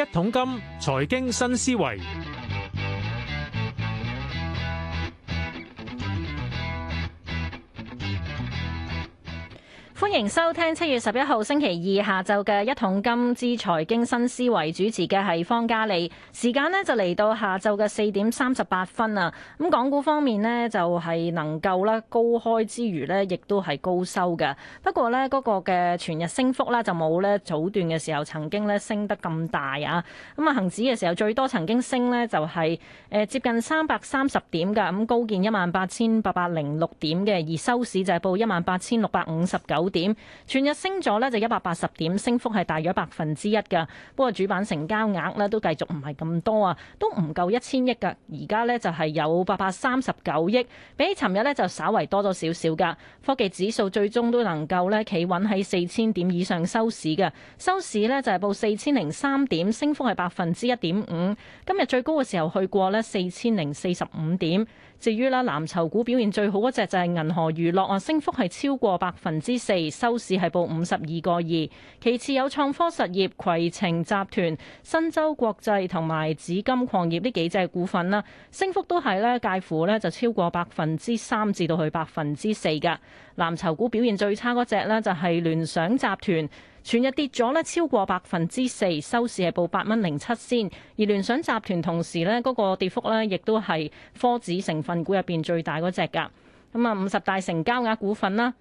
一桶金，財經新思維。歡迎收聽七月十一號星期二下晝嘅一桶金之財經新思維，主持嘅係方嘉利。時間呢就嚟到下晝嘅四點三十八分啊。咁港股方面呢，就係能夠高開之餘呢亦都係高收嘅。不過呢，嗰個嘅全日升幅呢，就冇呢早段嘅時候曾經升得咁大啊。咁啊，恒指嘅時候最多曾經升呢，就係誒接近三百三十點噶，咁高見一萬八千八百零六點嘅，而收市就係報一萬八千六百五十九點。點全日升咗呢，就一百八十點，升幅係大約百分之一噶。不過主板成交額呢，都繼續唔係咁多啊，都唔夠一千億噶。而家呢，就係有八百三十九億，比起尋日呢，就稍為多咗少少噶。科技指數最終都能夠咧企穩喺四千點以上收市嘅，收市呢，就係報四千零三點，升幅係百分之一點五。今日最高嘅時候去過呢，四千零四十五點。至於啦，藍籌股表現最好嗰隻就係銀河娛樂啊，升幅係超過百分之四，收市係報五十二個二。其次有創科實業、攜程集團、申洲國際同埋紫金礦業呢幾隻股份啦，升幅都係咧介乎咧就超過百分之三至到去百分之四嘅。藍籌股表現最差嗰隻呢，就係聯想集團。全日跌咗咧超過百分之四，收市係報八蚊零七仙。而聯想集團同時咧嗰個跌幅咧，亦都係科指成分股入面最大嗰隻㗎。咁啊，五十大成交額股份啦，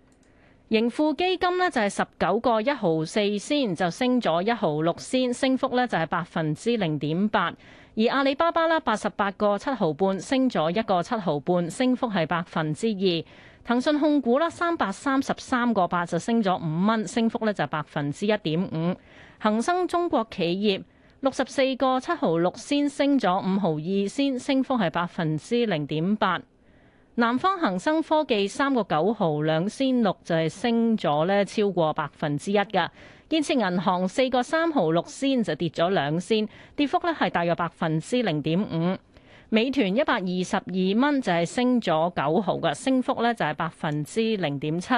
盈富基金呢，就係十九個一毫四仙，就升咗一毫六仙，升幅咧就係百分之零點八。而阿里巴巴啦，八十八個七毫半，升咗一個七毫半，升幅係百分之二。騰訊控股啦，三百三十三個八就升咗五蚊，升幅咧就百分之一點五。恒生中國企業六十四個七毫六仙，升咗五毫二仙，升幅係百分之零點八。南方恒生科技三個九毫兩仙六就係升咗咧超過百分之一嘅。建設銀行四個三毫六仙就跌咗兩仙，跌幅咧係大約百分之零點五。美團一百二十二蚊就係升咗九毫嘅，升幅咧就係百分之零點七。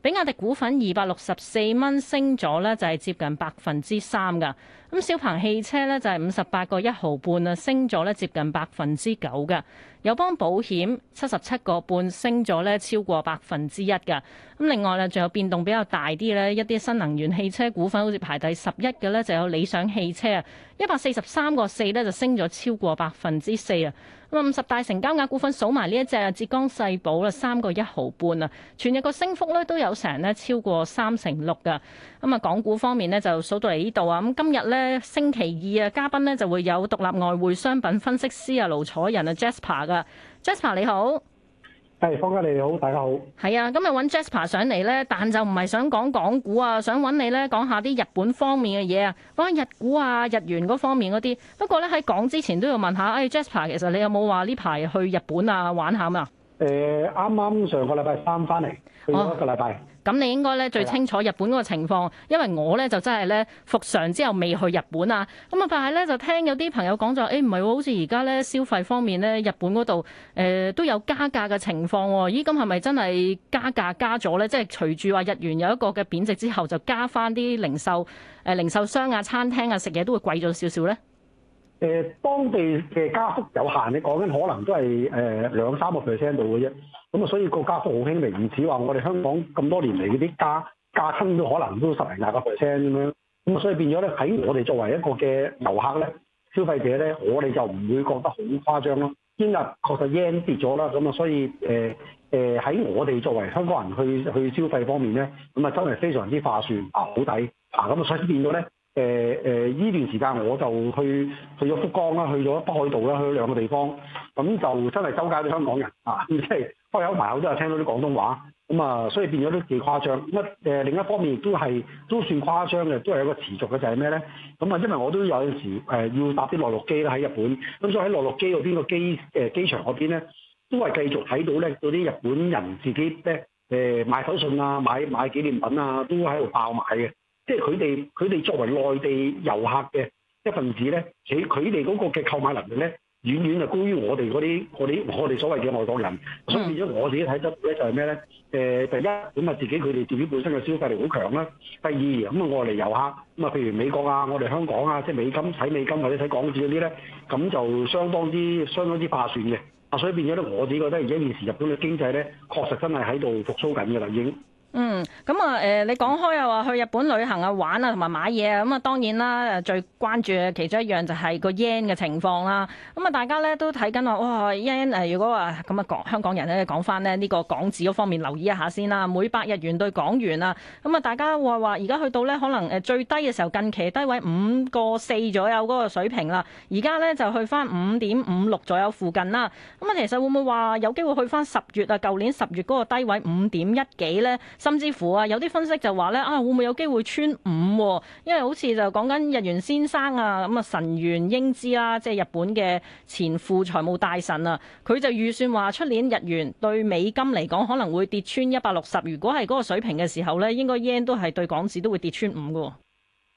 比亞迪股份二百六十四蚊升咗咧就係接近百分之三㗎。咁小鵬汽車呢，就係五十八個一毫半啊，升咗呢接近百分之九嘅；友邦保險七十七個半，升咗呢超過百分之一嘅。咁另外呢，仲有變動比較大啲呢，一啲新能源汽車股份好似排第十一嘅呢，就有理想汽車啊，一百四十三個四呢，就升咗超過百分之四啊。咁啊，五十大成交額股份數埋呢一隻啊，浙江世寶啦三個一毫半啊，全日個升幅呢都有成呢超過三成六嘅。咁啊，港股方面呢，就數到嚟呢度啊，咁今日呢。星期二啊，嘉賓呢，就會有獨立外匯商品分析師啊盧楚仁啊 Jasper 噶，Jasper 你好，係方家你好，大家好，係啊，今日揾 Jasper 上嚟呢？但就唔係想講港股啊，想揾你呢講下啲日本方面嘅嘢啊，講下日股啊、日元嗰方面嗰啲，不過呢，喺講之前都要問下，哎，Jasper，其實你有冇話呢排去日本啊玩下啊？誒啱啱上個禮拜三翻嚟，去咗一個禮拜。咁、哦、你應該咧最清楚日本嗰個情況，因為我咧就真係咧復常之後未去日本啊。咁啊，但係咧就聽有啲朋友講咗：哎「誒唔係喎，好似而家咧消費方面咧日本嗰度誒都有加價嘅情況。咦，咁係咪真係加價加咗咧？即係隨住話日元有一個嘅貶值之後，就加翻啲零售誒零售商啊、餐廳啊、食嘢都會貴咗少少咧？誒當地嘅加幅有限，你講緊可能都係誒兩三個 percent 度嘅啫，咁啊，所以個加幅好輕微，唔似話我哋香港咁多年嚟嗰啲加加親都可能都十零廿個 percent 咁樣，咁啊，所以變咗咧喺我哋作為一個嘅遊客咧、消費者咧，我哋就唔會覺得好誇張咯。英日確實 yen 跌咗啦，咁啊，所以誒誒喺我哋作為香港人去去消費方面咧，咁啊真係非常之划算啊，好抵啊，咁啊所以變咗咧。誒、呃、誒，依段時間我就去去咗福岡啦，去咗北海道啦，去咗兩個地方，咁就真係周街啲香港人啊，咁即係開有埋口都係聽到啲廣東話，咁啊，所以變咗都幾誇張。乜誒、呃？另一方面亦都係都算誇張嘅，都係有個持續嘅就係咩咧？咁啊，因為我都有陣時誒要搭啲內陸機啦喺日本，咁所以喺內陸機嗰邊個機誒機場嗰邊咧，都係繼續睇到咧嗰啲日本人自己咧誒、呃、買手信啊，買買紀念品啊，都喺度爆買嘅。即係佢哋，佢哋作為內地遊客嘅一份子咧，佢佢哋嗰個嘅購買能力咧，遠遠就高於我哋嗰啲我哋我哋所謂嘅外國人。所以變咗我自己睇出嚟咧，就係咩咧？誒，第一，咁啊自己佢哋自己本身嘅消費力好強啦。第二，咁啊外嚟遊客，咁啊譬如美國啊，我哋香港啊，即係美金睇美金或者睇港紙嗰啲咧，咁就相當之相當之划算嘅。啊，所以變咗咧，我自己覺得而家現時日本嘅經濟咧，確實真係喺度復甦緊㗎啦，已經。嗯。咁啊，誒、欸，你講開又話去日本旅行啊、玩啊，同埋買嘢啊，咁啊，當然啦，最關注其中一樣就係個 yen 嘅情況啦。咁啊，大家咧都睇緊啊，哇 yen 誒，如果話咁啊，港香港人咧講翻咧，呢個港紙嗰方面留意一下先啦。每百日元對港元啊，咁啊，大家話話而家去到呢，可能誒最低嘅時候近期低位五個四左右嗰個水平啦。而家呢，就去翻五點五六左右附近啦。咁啊，其實會唔會話有機會去翻十月啊？舊年十月嗰個低位五點一幾呢？甚至乎。啊！有啲分析就話咧啊，會唔會有機會穿五，啊？因為好似就講緊日元先生啊，咁啊，榊原英資啦、啊，即、就、係、是、日本嘅前副財務大臣啊，佢就預算話出年日元對美金嚟講可能會跌穿一百六十。如果係嗰個水平嘅時候咧，應該 yen 都係對港紙都會跌穿五嘅。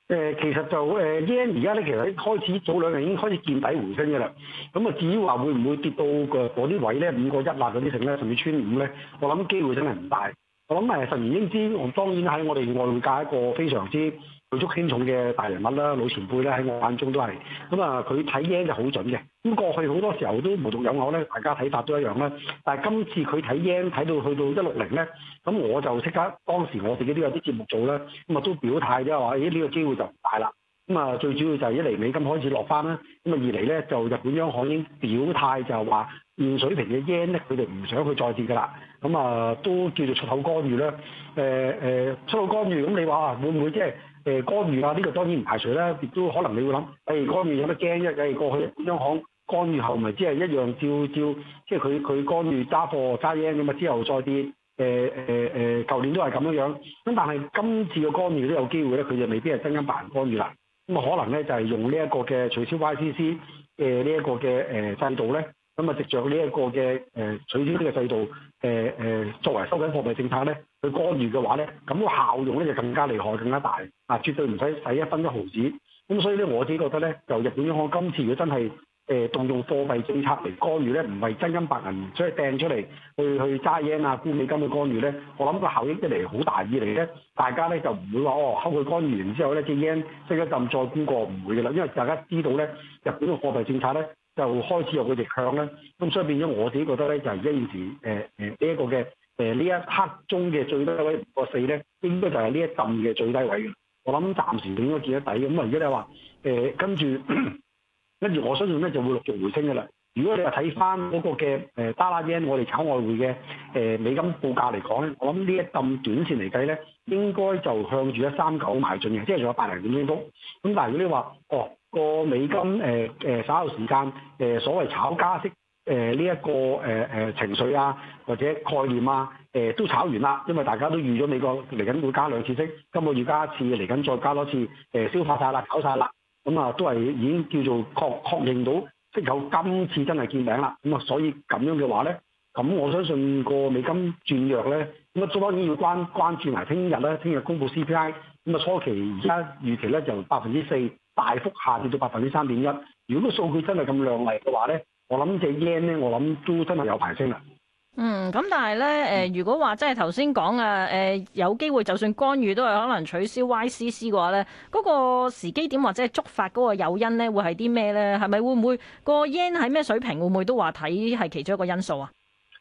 誒，其實就誒 yen 而家咧，其實喺開始早兩日已經開始見底回升嘅啦。咁啊，至於話會唔會跌到個嗰啲位咧，五個一嗱嗰啲剩咧，甚至穿五咧，我諗機會真係唔大。我諗誒，神言英之，我當然喺我哋外匯界一個非常之舉足輕重嘅大人物啦，老前輩咧喺我眼中都係。咁啊，佢睇 yen 就好準嘅。咁過去好多時候都無獨有偶咧，大家睇法都一樣啦。但係今次佢睇 yen 睇到去到一六零咧，咁我就即刻當時我自己都有啲節目做啦，咁啊都表態啫話，咦、哎、呢、呢個機會就唔大啦。咁啊，最主要就係一嚟美金開始落翻啦。咁啊，二嚟咧就日本央行已經表態就係話現水平嘅 yen 咧，佢哋唔想去再跌噶啦。咁啊，都叫做出口干預啦。誒出口干預咁，你話會唔會即係誒干預啊？呢、這個當然唔排除咧，亦都可能你會諗誒、哎、干預有乜驚啫？假如過去央行干預後咪即係一樣照照，即係佢佢干預揸貨揸嘢咁啊，之後再跌。誒誒誒，舊年都係咁樣樣。咁但係今次嘅干預都有機會咧，佢就未必係真金白銀干預啦。咁啊，可能咧就係用呢一個嘅取消 YCC 嘅呢一個嘅誒制度咧。咁啊，藉著呢一個嘅誒取消呢個制度，誒誒，作為收緊貨幣政策咧，去干預嘅話咧，咁個效用咧就更加厲害、更加大啊！絕對唔使使一分一毫子。咁所以咧，我自己覺得咧，就日本銀行今次如果真係誒動用貨幣政策嚟干預咧，唔係真金白銀，所以掟出嚟去去揸 yen 啊、沽美金去干預咧，我諗個效益一嚟好大，二嚟咧，大家咧就唔會話哦，收佢干預完之後咧，啲 yen 升一陣再沽過唔會㗎啦，因為大家知道咧，日本嘅貨幣政策咧。就開始有佢哋向咧，咁所以變咗我自己覺得咧，就係而家現時呢一個嘅誒呢一刻中嘅最低位五個四咧，應該就係呢一浸嘅最低位嘅。我諗暫時應該見得底咁啊而家咧話誒跟住跟住我相信咧就會陸續回升嘅啦。如果你話睇翻嗰個嘅誒 Dollar Yen 我哋炒外匯嘅誒、呃、美金報價嚟講咧，我諗呢一浸短線嚟計咧，應該就向住一三九埋進嘅，即係仲有八零點幾幅。咁但係如果你話哦。個美金誒誒稍後時間誒所謂炒加息誒呢一個誒誒情緒啊或者概念啊誒都炒完啦，因為大家都預咗美國嚟緊會加兩次息，今個月加一次，嚟緊再加多次誒消化晒啦，炒晒啦，咁啊都係已經叫做確確認到即有今次真係見名啦，咁啊所以咁樣嘅話咧，咁我相信個美金轉弱咧，咁啊當然要關關注埋聽日啦，聽日公布 CPI。咁啊，初期而家預期咧由百分之四大幅下跌到百分之三點一。如果個數據真係咁亮麗嘅話咧，我諗隻 yen 咧，我諗都真係有排升啦。嗯，咁但係咧誒，如果話即係頭先講啊誒，有機會就算干預都係可能取消 YCC 嘅話咧，嗰個時機點或者係觸發嗰個誘因咧，會係啲咩咧？係咪會唔會個 yen 喺咩水平？會唔會都話睇係其中一個因素啊？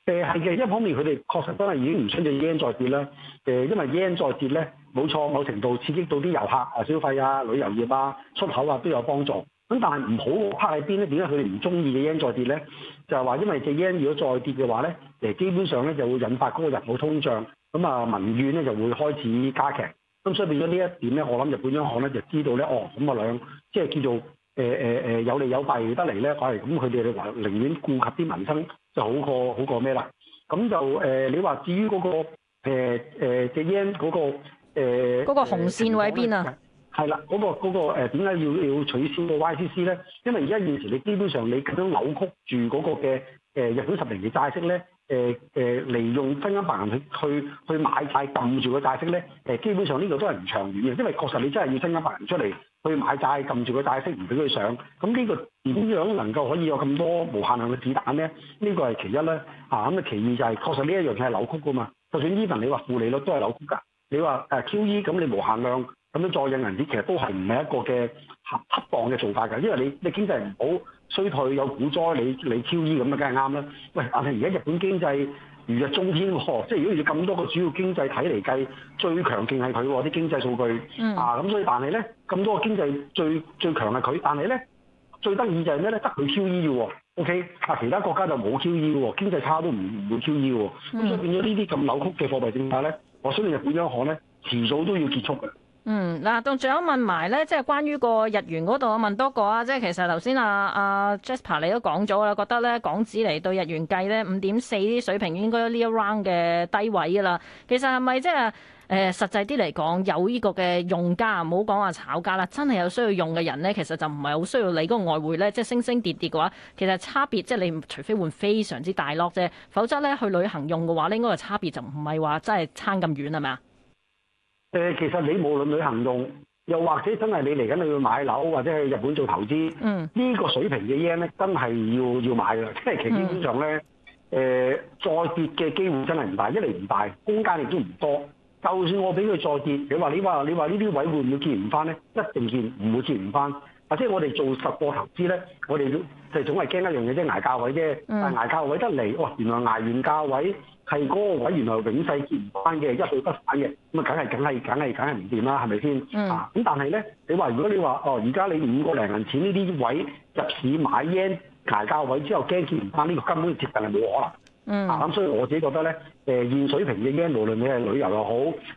誒係嘅，一方面佢哋確實真係已經唔想隻 yen 再跌啦。誒，因為 yen 再跌咧。冇錯，某程度刺激到啲遊客啊消費啊旅遊業啊出口啊都有幫助。咁但係唔好拍喺邊咧？點解佢哋唔中意嘅 yen 再跌咧？就係話因為隻 yen 如果再跌嘅話咧，基本上咧就會引發嗰個人口通脹，咁啊民怨咧就會開始加劇。咁所以變咗呢一點咧，我諗日本央行咧就知道咧哦，咁啊兩即係叫做誒有利有弊得嚟咧，嚟咁佢哋話寧願顧及啲民生就好過好過咩啦？咁就誒、呃、你話至於嗰個隻 yen 嗰個。呃誒、那、嗰個紅線喺邊啊？係、嗯、啦，嗰、就是那個嗰、那個點解、那個、要要取消個 YCC 咧？因為而家現時你基本上你咁樣扭曲住嗰個嘅誒日本十年嘅債息咧，誒、呃、誒、呃、利用新一萬人去去去買債撳住個債息咧，誒基本上呢個都係唔長遠嘅，因為確實你真係要新一萬人出嚟去買債撳住個債息唔俾佢上，咁呢個點樣能夠可以有咁多無限量嘅子彈咧？呢、這個係其一咧，啊咁啊其二就係、是、確實呢一樣嘢係扭曲噶嘛，就算呢份你話負利率都係扭曲㗎。你話誒 QE 咁，你無限量咁樣再印銀紙，其實都係唔係一個嘅恰恰當嘅做法㗎，因為你你經濟唔好衰退有股災，你你 QE 咁啊，梗係啱啦。喂，但係而家日本經濟如日中天喎，即係如果你咁多個主要經濟體嚟計，最強勁係佢喎，啲經濟數據、嗯、啊，咁所以但係咧，咁多個經濟最最強係佢，但係咧最得意就係咩咧？得佢 QE 喎，OK，嗱其他國家就冇 QE 嘅喎，經濟差都唔唔會 QE 喎，咁、嗯、所以變咗呢啲咁扭曲嘅貨幣政策咧。我相信日本央行咧，遲早都要結束嘅。嗯，嗱，仲有問埋咧，即係關於個日元嗰度，我問多個啊，即係其實頭先啊啊 Jasper 你都講咗啦，覺得咧，港紙嚟到日元計咧五點四啲水平應該呢一 round 嘅低位啦。其實係咪即係？誒實際啲嚟講，有呢個嘅用家唔好講話炒家啦，真係有需要用嘅人咧，其實就唔係好需要你嗰個外匯咧，即係升升跌跌嘅話，其實差別即係你除非換非常之大額啫，否則咧去旅行用嘅話咧，應該個差別就唔係話真係差咁遠係咪啊？誒，其實你無論旅行用，又或者真係你嚟緊你要買樓，或者去日本做投資，呢、嗯呢個水平嘅 yen 咧，真係要要買嘅，即係其基本上咧，誒、嗯呃、再跌嘅機會真係唔大，一嚟唔大，空間亦都唔多。就算我俾佢再跌，你話你話你話呢啲位會唔會見唔返咧？一定見唔會見唔返。即係我哋做實貨投資咧，我哋就總係驚一樣嘢即係捱價位啫。但係捱價位得嚟，哇、哦！原來捱完價位係嗰個位，原來永世見唔返嘅，一去不返嘅，咁、嗯、啊，梗係梗係梗係梗係唔掂啦，係咪先？啊，咁但係咧，你話如果你話哦，而家你五個零銀錢呢啲位入市買 yen 捱價位之後，驚見唔返，呢、這個根本接近係冇可能。嗯，啊咁所以我自己覺得咧，誒現水平嘅 yen，無論你係旅遊又好，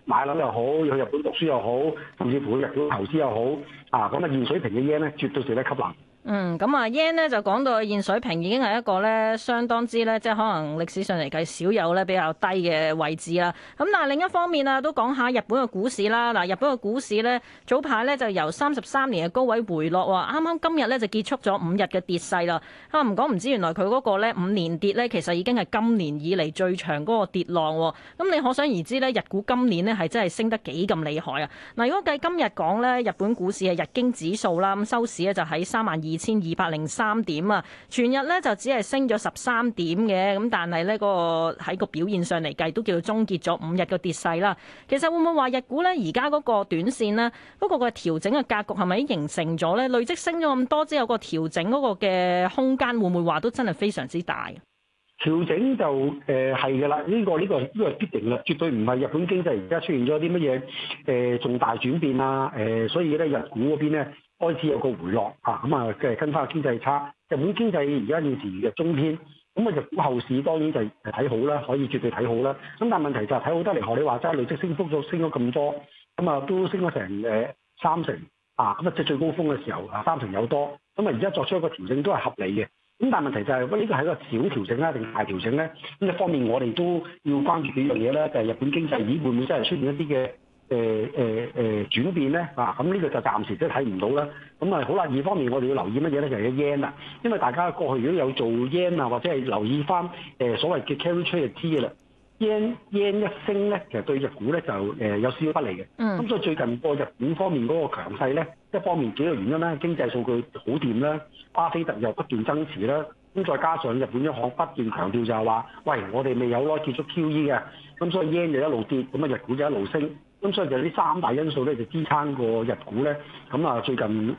買樓又好，去日本讀書又好，甚至乎去日本投資又好，啊咁啊現水平嘅 yen 咧，絕對值得吸納。嗯，咁啊，yen 呢就講到現水平已經係一個呢相當之呢，即係可能歷史上嚟計少有呢比較低嘅位置啦。咁但係另一方面啊，都講下日本嘅股市啦。嗱，日本嘅股市呢，早排呢就由三十三年嘅高位回落喎，啱啱今日呢就結束咗五日嘅跌勢啦。啊，唔講唔知，原來佢嗰個呢五年跌呢，其實已經係今年以嚟最長嗰個跌浪喎。咁你可想而知呢，日股今年呢係真係升得幾咁厲害啊！嗱，如果計今日講呢，日本股市係日經指數啦，咁收市呢就喺三萬二千二百零三點啊，全日咧，就只係升咗十三點嘅，咁但係呢個喺個表現上嚟計，都叫做終結咗五日嘅跌勢啦。其實會唔會話日股咧，而家嗰個短線咧，不過個調整嘅格局係咪形成咗咧？累積升咗咁多之後，之、那、有個調整嗰個嘅空間，會唔會話都真係非常之大？調整就誒係噶啦，呢、呃這個呢、這個呢、這個必定啦，絕對唔係日本經濟而家出現咗啲乜嘢誒重大轉變啦！誒、呃，所以咧日股嗰邊咧。開始有個回落嚇，咁啊即係跟翻個經濟差，日本經濟而家現時嘅中偏，咁啊就後市當然就係睇好啦，可以絕對睇好啦。咁但係問題就係睇好得嚟，何你話齋累積升幅咗升咗咁多，咁啊都升咗成誒三成啊，咁啊即係最高峰嘅時候啊三成有多，咁啊而家作出一個調整都係合理嘅。咁但係問題就係、是、喂，呢個係一個小調整啊定大調整咧？咁一方面我哋都要關注幾樣嘢咧，就係、是、日本經濟咦會唔會真係出現一啲嘅誒誒誒轉變咧啊，咁呢個就暫時都睇唔到啦。咁啊好啦，二方面我哋要留意乜嘢咧？就係 yen 啦，因為大家過去如果有做 yen 啊，或者係留意翻誒、欸、所謂嘅 carry trade 就知啦，yen yen 一升咧，其實對日股咧就誒有少少不利嘅。嗯。咁所以最近個日本方面嗰個強勢咧，一方面幾個原因咧，經濟數據好掂啦，巴菲特又不斷增持啦，咁再加上日本央行不斷強調就係話，喂我哋未有耐結束 QE 嘅，咁所以 yen 就一路跌，咁啊日股就一路升。咁所以就呢三大因素咧，就支撐個日股咧。咁啊，最近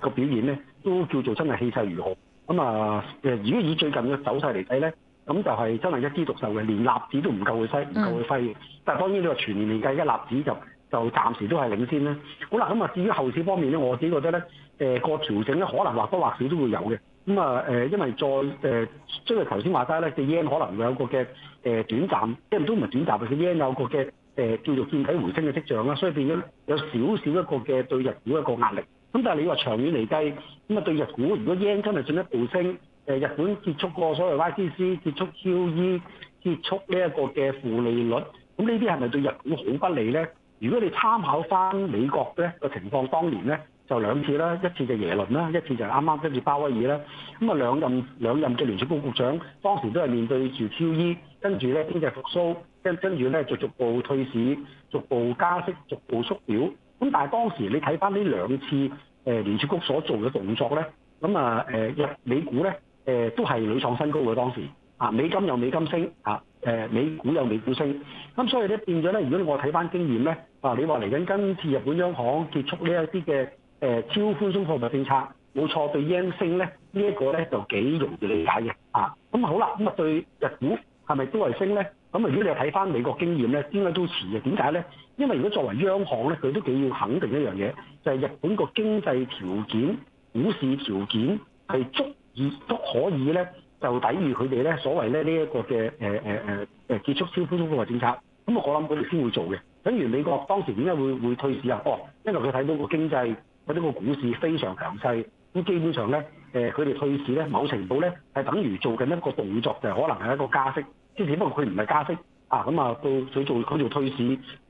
個表現咧，都叫做真係氣勢如何。咁啊如果以最近嘅走勢嚟睇咧，咁就係、是、真係一枝獨秀嘅，連納指都唔夠佢犀，唔夠佢飛、嗯。但係當然你話全年嚟計，一納指就就暫時都係領先啦。好啦，咁啊至於後市方面咧，我自己覺得咧，個調整咧，可能或多或少都會有嘅。咁啊因為再將即係頭先話齋咧，隻 yen 可能會有個嘅短暫，即係都唔係短暫，係隻 yen 有個嘅。誒叫做見底回升嘅跡象啦，所以變咗有少少一個嘅對日股一個壓力。咁但係你話長遠嚟計，咁啊對日股，如果 yen 今日真係進一步升，日本結束過所謂 YCC，結束 QE，結束呢一個嘅負利率，咁呢啲係咪對日股好不利咧？如果你參考翻美國咧個情況，當年咧就兩次啦，一次就耶倫啦，一次就啱啱跟住鮑威爾啦。咁啊兩任兩任嘅聯儲局局長當時都係面對住 QE，跟住咧經濟復甦。跟住咧，就逐步退市、逐步加息、逐步縮表。咁但係當時你睇翻呢兩次誒聯儲局所做嘅動作咧，咁啊誒日美股咧誒都係屢創新高嘅當時。啊，美金有美金升，啊誒美股有美股升。咁所以咧變咗咧，如果我睇翻經驗咧，啊你話嚟緊今次日本央行結束呢一啲嘅誒超寬鬆貨幣政策，冇錯，對 yen 升咧呢一個咧就幾容易理解嘅。啊，咁好啦，咁啊對日股係咪都係升咧？咁啊！如果你睇翻美國經驗咧，點解都遲嘅？點解咧？因為如果作為央行咧，佢都幾要肯定一樣嘢，就係、是、日本個經濟條件、股市條件係足以足可以咧，就抵御佢哋咧所謂咧呢一個嘅誒誒誒誒結束超寬鬆貨幣政策。咁我諗佢哋先會做嘅。等於美國當時點解會,會退市啊？哦，因為佢睇到個經濟或者個股市非常強勢，咁基本上咧誒佢哋退市咧，某程度咧係等於做緊一個動作，就是、可能係一個加息。之前不過佢唔係加息啊，咁啊到佢做佢做退市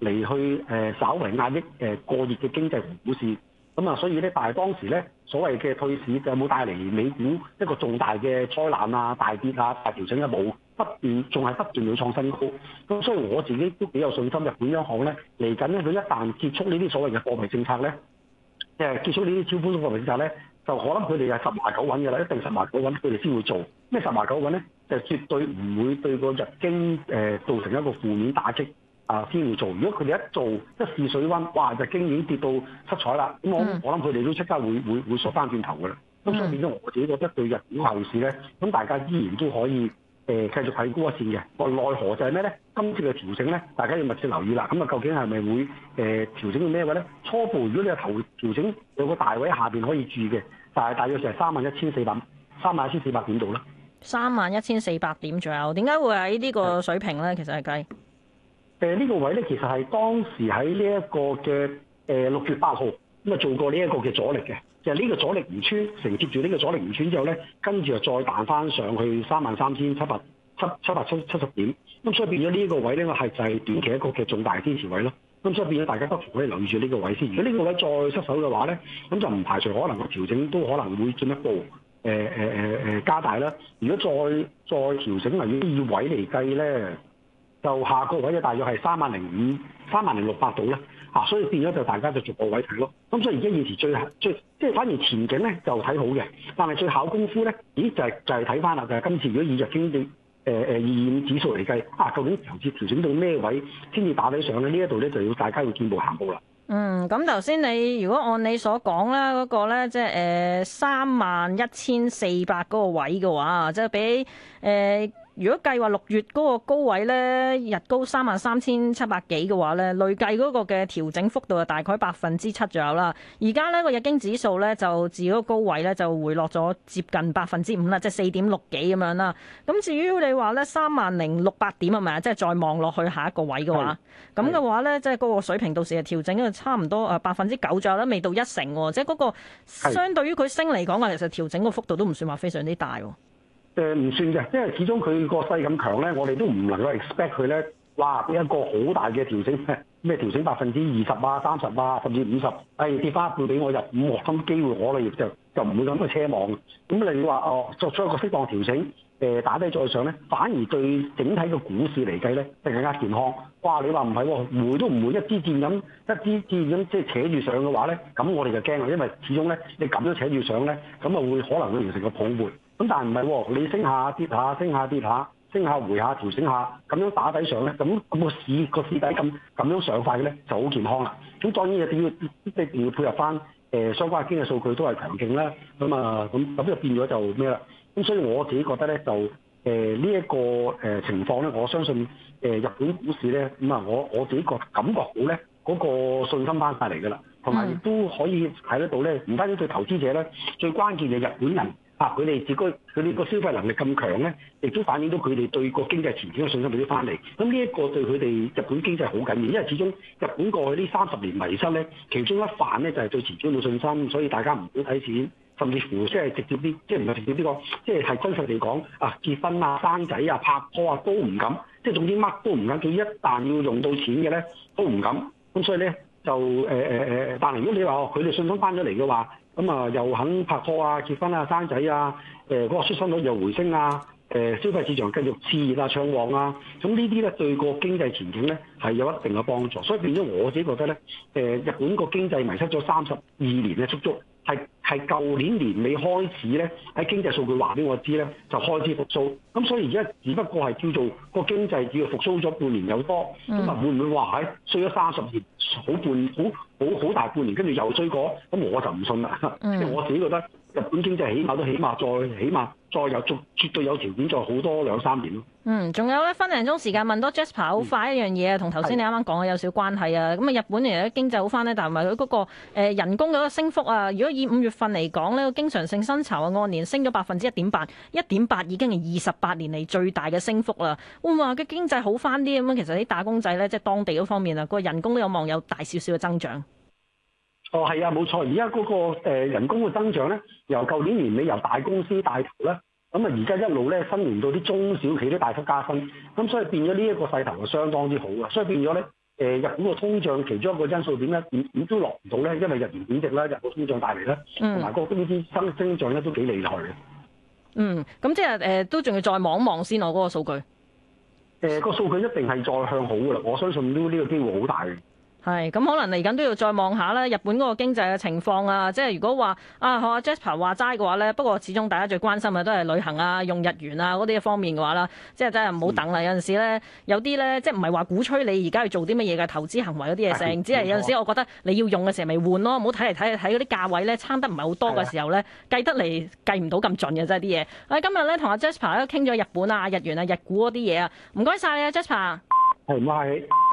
嚟去誒，稍為壓抑誒過熱嘅經濟同股市，咁啊所以咧，但係當時咧所謂嘅退市就有冇帶嚟美股一個重大嘅災難啊、大跌啊、大調整啊？冇，不斷仲係不斷要創新高。咁所以我自己都幾有信心，日本央行咧嚟緊咧佢一旦結束呢啲所謂嘅貨幣政策咧，誒結束呢啲超寬鬆貨幣政策咧。就我諗佢哋係十拿九穩嘅啦，一定十拿九穩，佢哋先會做咩十拿九穩咧？就是、絕對唔會對個日經誒造成一個負面打擊啊！先會做。如果佢哋一做一試水溫，哇！日經已經跌到七彩啦。咁我我諗佢哋都即刻會會會縮翻轉頭㗎啦。咁所以變咗我自己覺得對日股後市咧，咁大家依然都可以。誒繼續睇高一線嘅，個奈何就係咩咧？今次嘅調整咧，大家要密切留意啦。咁啊，究竟係咪會誒調整到咩位咧？初步如果你頭調整有個大位下邊可以住嘅，但係大約成三萬一千四百三萬一千四百點度啦。三萬一千四百點左右，點解會喺呢個水平咧？其實係計誒呢，呢個位咧，其實係當時喺呢一個嘅誒六月八號。咁啊，做過呢一個嘅阻力嘅，就係呢個阻力盤，就是，穿。承接住呢個阻力盤穿之後咧，跟住就再彈翻上去三萬三千七百七七百七七十點。咁所以變咗呢個位咧，我係就係短期一個嘅重大支持位咯。咁所以變咗大家不妨可以留意住呢個位先。如果呢個位再失守嘅話咧，咁就唔排除可能個調整都可能會進一步，誒、呃、誒、呃、加大啦。如果再再調整嚟二位嚟計咧，就下個位咧，大約係三萬零五、三萬零六百度咧。啊、所以變咗就大家就逐個位睇咯。咁所以而家現時最最即係反而前景咧就睇好嘅，但係最考功夫咧，咦就係就係睇翻啦。就係就係就係、今次如果以日經嘅誒誒二二五指數嚟計，啊究竟頭次調整到咩位先至打底上咧？呢一度咧就要大家要見步行步啦。嗯，咁頭先你如果按你所講啦，嗰個咧即係三萬一千四百嗰個位嘅話，即係俾如果計劃六月嗰個高位咧，日高三萬三千七百幾嘅話咧，累計嗰個嘅調整幅度啊，大概百分之七左右啦。而家呢個日經指數咧，就自嗰個高位咧就回落咗接近百分之五啦，即係四點六幾咁樣啦。咁至於你話咧三萬零六百點係咪啊？即係再望落去下一個位嘅話，咁嘅話咧，即係嗰個水平到時啊調整啊差唔多啊百分之九左右啦，未到一成喎。即係嗰個相對於佢升嚟講啊，其實調整個幅度都唔算話非常之大。誒唔算嘅，因為始終佢個勢咁強咧，我哋都唔能夠 expect 佢咧，哇俾一個好大嘅調整咩調整百分之二十啊、三十啊，甚至五十、哎，誒跌翻會俾我入五獲咁機會我亦就就唔會咁去奢望。咁你話哦作出一個適當調整，誒打低再上咧，反而對整體嘅股市嚟計咧，係更加健康。哇！你話唔係喎，回都唔回一支箭咁一支箭咁即係扯住上嘅話咧，咁我哋就驚啊，因為始終咧你咁樣扯住上咧，咁啊會可能會形成個泡沫。咁但係唔係喎？你升下跌下，升下跌下，升下回下調整下，咁樣打底上咧，咁個市、個市底咁咁樣上快嘅咧，就好健康啦。咁當然又點要即係要配合翻誒相關嘅經濟數據都係強勁啦。咁啊，咁咁就變咗就咩啦？咁所以我自己覺得咧，就誒呢一個誒情況咧，我相信誒日本股市咧，咁啊，我我自己覺感覺好咧，嗰個信心翻返嚟㗎啦，同埋都可以睇得到咧，唔單止對投資者咧，最關鍵嘅日本人。啊！佢哋自居佢哋個消費能力咁強咧，亦都反映到佢哋對個經濟前景嘅信心嚟啲翻嚟。咁呢一個對佢哋日本經濟好緊要，因為始終日本過去呢三十年迷失咧，其中一範咧就係對前景冇信心，所以大家唔好睇錢，甚至乎即係直接啲，即係唔係直接呢個，即係係真實地講啊，結婚啊、生仔啊、拍拖啊都唔敢，即係總之乜都唔敢。佢一旦要用到錢嘅咧，都唔敢。咁所以咧就誒誒誒，但係如果你話佢哋信心翻咗嚟嘅話，咁啊，又肯拍拖啊、結婚啊、生仔啊，誒嗰個出生率又回升啊，誒，消費市場繼續熾熱啊、暢旺啊，咁呢啲咧對個經濟前景咧係有一定嘅幫助，所以變咗我自己覺得咧，誒，日本個經濟迷失咗三十二年咧足足。係係舊年年尾開始咧，喺經濟數據話俾我知咧，就開始復甦。咁所以而家只不過係叫做個經濟只要復甦咗半年又多會會，咁啊會唔會話喺衰咗三十年好半好好好大半年，跟住又衰過？咁我就唔信啦，即係我自己覺得。日本經濟起碼都起碼再起碼再有足絕對有條件再好多兩三年咯。嗯，仲有呢，分零鐘時間問多 Jasper 好快一樣嘢啊，同頭先你啱啱講嘅有少少關係啊。咁啊，日本而家經濟好翻呢，但係佢嗰個人工嗰個升幅啊，如果以五月份嚟講咧，呢個經常性薪酬啊按年升咗百分之一點八，一點八已經係二十八年嚟最大嘅升幅啦。會唔會話佢經濟好翻啲咁啊，其實啲打工仔呢，即係當地嗰方面啊，個人工都有望有大少少嘅增長。哦，係啊，冇錯。而家嗰個人工嘅增長咧，由舊年年尾由大公司帶頭咧，咁啊而家一路咧，新年到啲中小企都大幅加薪，咁所以變咗呢一個勢頭係相當之好嘅。所以變咗咧，誒日本嘅通脹其中一個因素點咧，點點都落唔到咧，因為日元貶值咧，日本通脹帶嚟咧，同埋嗰個公司增增長咧都幾厲害嘅。嗯，咁即係誒、呃、都仲要再望一望先，我嗰個數據。誒、呃、個數據一定係再向好噶啦，我相信都呢個機會好大。係咁，可能嚟緊都要再望下啦。日本嗰個經濟嘅情況啊，即係如果話啊，阿 Jasper 話齋嘅話咧，不過始終大家最關心嘅都係旅行啊、用日元啊嗰啲方面嘅話啦。即係真係唔好等啦。有陣時咧，有啲咧即係唔係話鼓吹你而家要做啲乜嘢嘅投資行為嗰啲嘢，成只係有陣時我覺得你要用嘅時候咪換咯，唔好睇嚟睇去睇嗰啲價位咧差得唔係好多嘅時候咧計得嚟計唔到咁盡嘅真係啲嘢。今日咧同阿 Jasper 咧傾咗日本啊、日元啊、日股嗰啲嘢啊，唔該晒啊 Jasper。係、oh my...